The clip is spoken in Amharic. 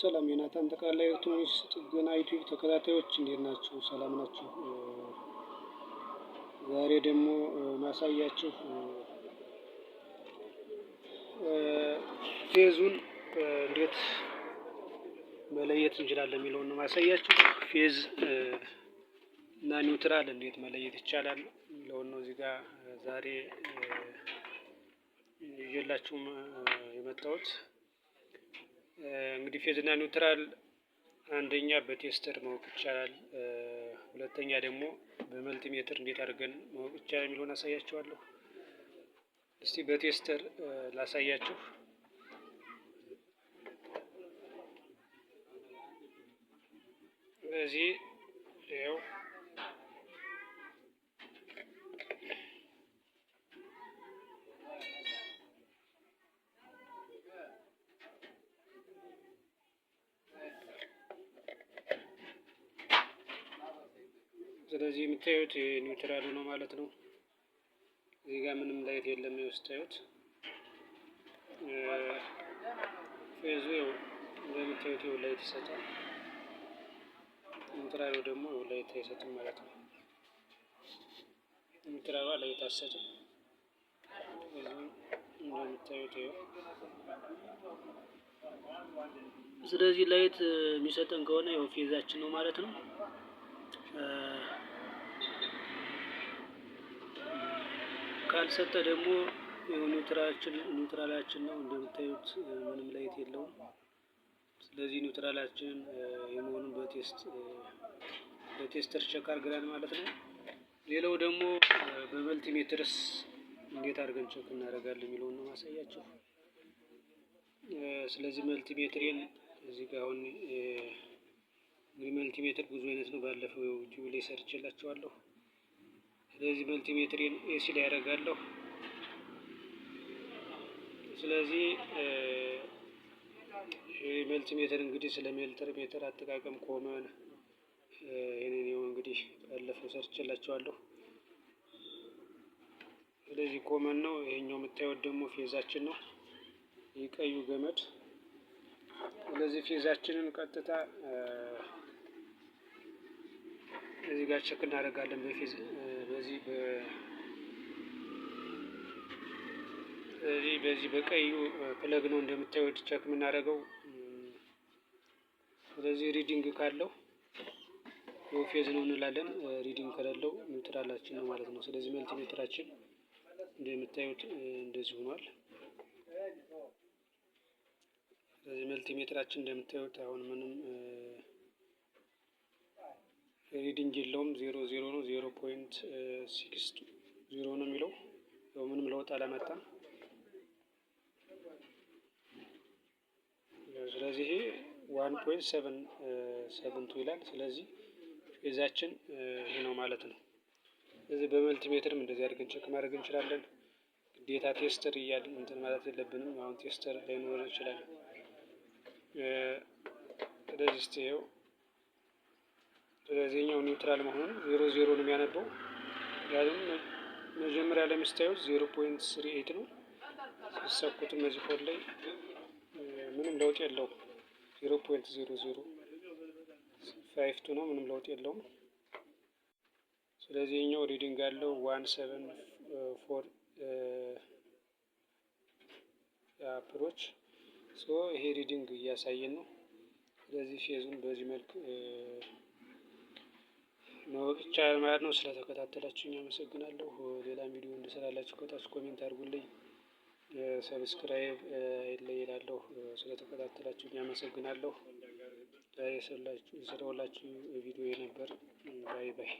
ሰላም ዮናታን ጠቅላላ ኤሌክትሮኒክስ ጥገና ዩቲዩብ ተከታታዮች እንዴት ናችሁ? ሰላም ናችሁ? ዛሬ ደግሞ ማሳያችሁ ፌዙን እንዴት መለየት እንችላለን የሚለውን ነው ማሳያችሁ። ፌዝ እና ኒውትራል እንዴት መለየት ይቻላል የሚለውን ነው እዚህ ጋር ዛሬ ይዤላችሁም የመጣሁት። እንግዲህ ፌዝና ኒውትራል አንደኛ በቴስተር ማወቅ ይቻላል፣ ሁለተኛ ደግሞ በመልቲሜትር እንዴት አድርገን ማወቅ ይቻላል የሚለውን አሳያችኋለሁ። እስቲ በቴስተር ላሳያችሁ። በዚህ ያው ስለዚህ የምታዩት ኒውትራል ነው ማለት ነው። እዚህ ጋር ምንም ላይት የለም። የምታዩት ፌዙ እንደምታዩት ይኸው ላይት ይሰጣል። ኒውትራሉ ደግሞ ይኸው ላይት አይሰጥም ማለት ነው። ኒውትራሏ ላይት አትሰጥም። እንደምታዩት ይኸው ስለዚህ ላይት የሚሰጠን ከሆነ ይኸው ፌዛችን ነው ማለት ነው። ካልሰጠ ደግሞ ኒውትራላችን ነው እንደምታዩት ምንም ላይት የለውም። ስለዚህ ኒውትራላችን የመሆኑን በቴስት በቴስተር ቸክ አድርገናል ማለት ነው። ሌላው ደግሞ በመልቲሜትርስ እንዴት አድርገን ቸክ እናደርጋለን የሚለውን ነው ማሳያቸው። ስለዚህ መልቲሜትሬን እዚህ ጋር አሁን እንግዲህ መልቲሜትር ብዙ አይነት ነው። ባለፈው ዩቲዩብ ላይ ሰርችላችኋለሁ። ስለዚህ መልቲሜትር ኤሲ ላይ ያደርጋለሁ። ስለዚህ መልቲሜትር እንግዲህ ስለ ሜልተር ሜትር አጠቃቀም ኮመን ይህንን ይኸው እንግዲህ ባለፈው ሰርችላቸዋለሁ። ስለዚህ ኮመን ነው። ይሄኛው የምታዩት ደግሞ ፌዛችን ነው፣ የቀዩ ገመድ። ስለዚህ ፌዛችንን ቀጥታ እዚህ ጋር ቸክ እናደርጋለን በፌዝ በዚህ በዚህ በዚህ በቀዩ ፕለግ ነው እንደምታዩት ቸክ የምናደርገው። ስለዚህ ሪዲንግ ካለው ፌዝ ነው እንላለን። ሪዲንግ ከሌለው ኒውትራላችን ነው ማለት ነው። ስለዚህ መልቲ ሜትራችን እንደምታዩት እንደዚህ ሆኗል። ስለዚህ እንደምታዩት አሁን ምንም ሪዲንግ የለውም። ዜሮ ዜሮ ነው። ዜሮ ፖይንት ሲክስ ዜሮ ነው የሚለው ምንም ለውጥ አላመጣም። ስለዚህ ይሄ ዋን ፖይንት ሰቨን ሰንቱ ይላል። ስለዚህ ቤዛችን ይሄ ነው ማለት ነው። ስለዚህ በመልቲሜትርም እንደዚህ አድርገን ቸክ ማድረግ እንችላለን። ግዴታ ቴስተር እያል እንትን ማለት የለብንም። አሁን ቴስተር ላይኖር ይችላል። ስለዚህ ይኸው በዚህኛው ኒውትራል መሆኑን ዜሮ ዜሮ ነው የሚያነበው። ያም መጀመሪያ ላይ የምታዩት ዜሮ ፖይንት ስሪ ኤይት ነው። ሲሰኩትም እዚህ ፎር ላይ ምንም ለውጥ የለውም። ዜሮ ፖይንት ዜሮ ዜሮ ፋይቭ ቱ ነው፣ ምንም ለውጥ የለውም። ስለዚህ ይሄኛው ሪዲንግ ያለው ዋን ሰቨን ፎር አፕሮች ሶ ይሄ ሪዲንግ እያሳየን ነው። ስለዚህ ፌዙን በዚህ መልክ ማወቅ ይቻላል ማለት ነው። ስለተከታተላችሁኝ አመሰግናለሁ። ሌላ ቪዲዮ እንድሰራላችሁ ከታች ኮሜንት አድርጉልኝ። ሰብስክራይብ ላይ እላለሁ። ስለተከታተላችሁኝ አመሰግናለሁ። የሰራሁላችሁ ቪዲዮ ነበር። ባይ ባይ።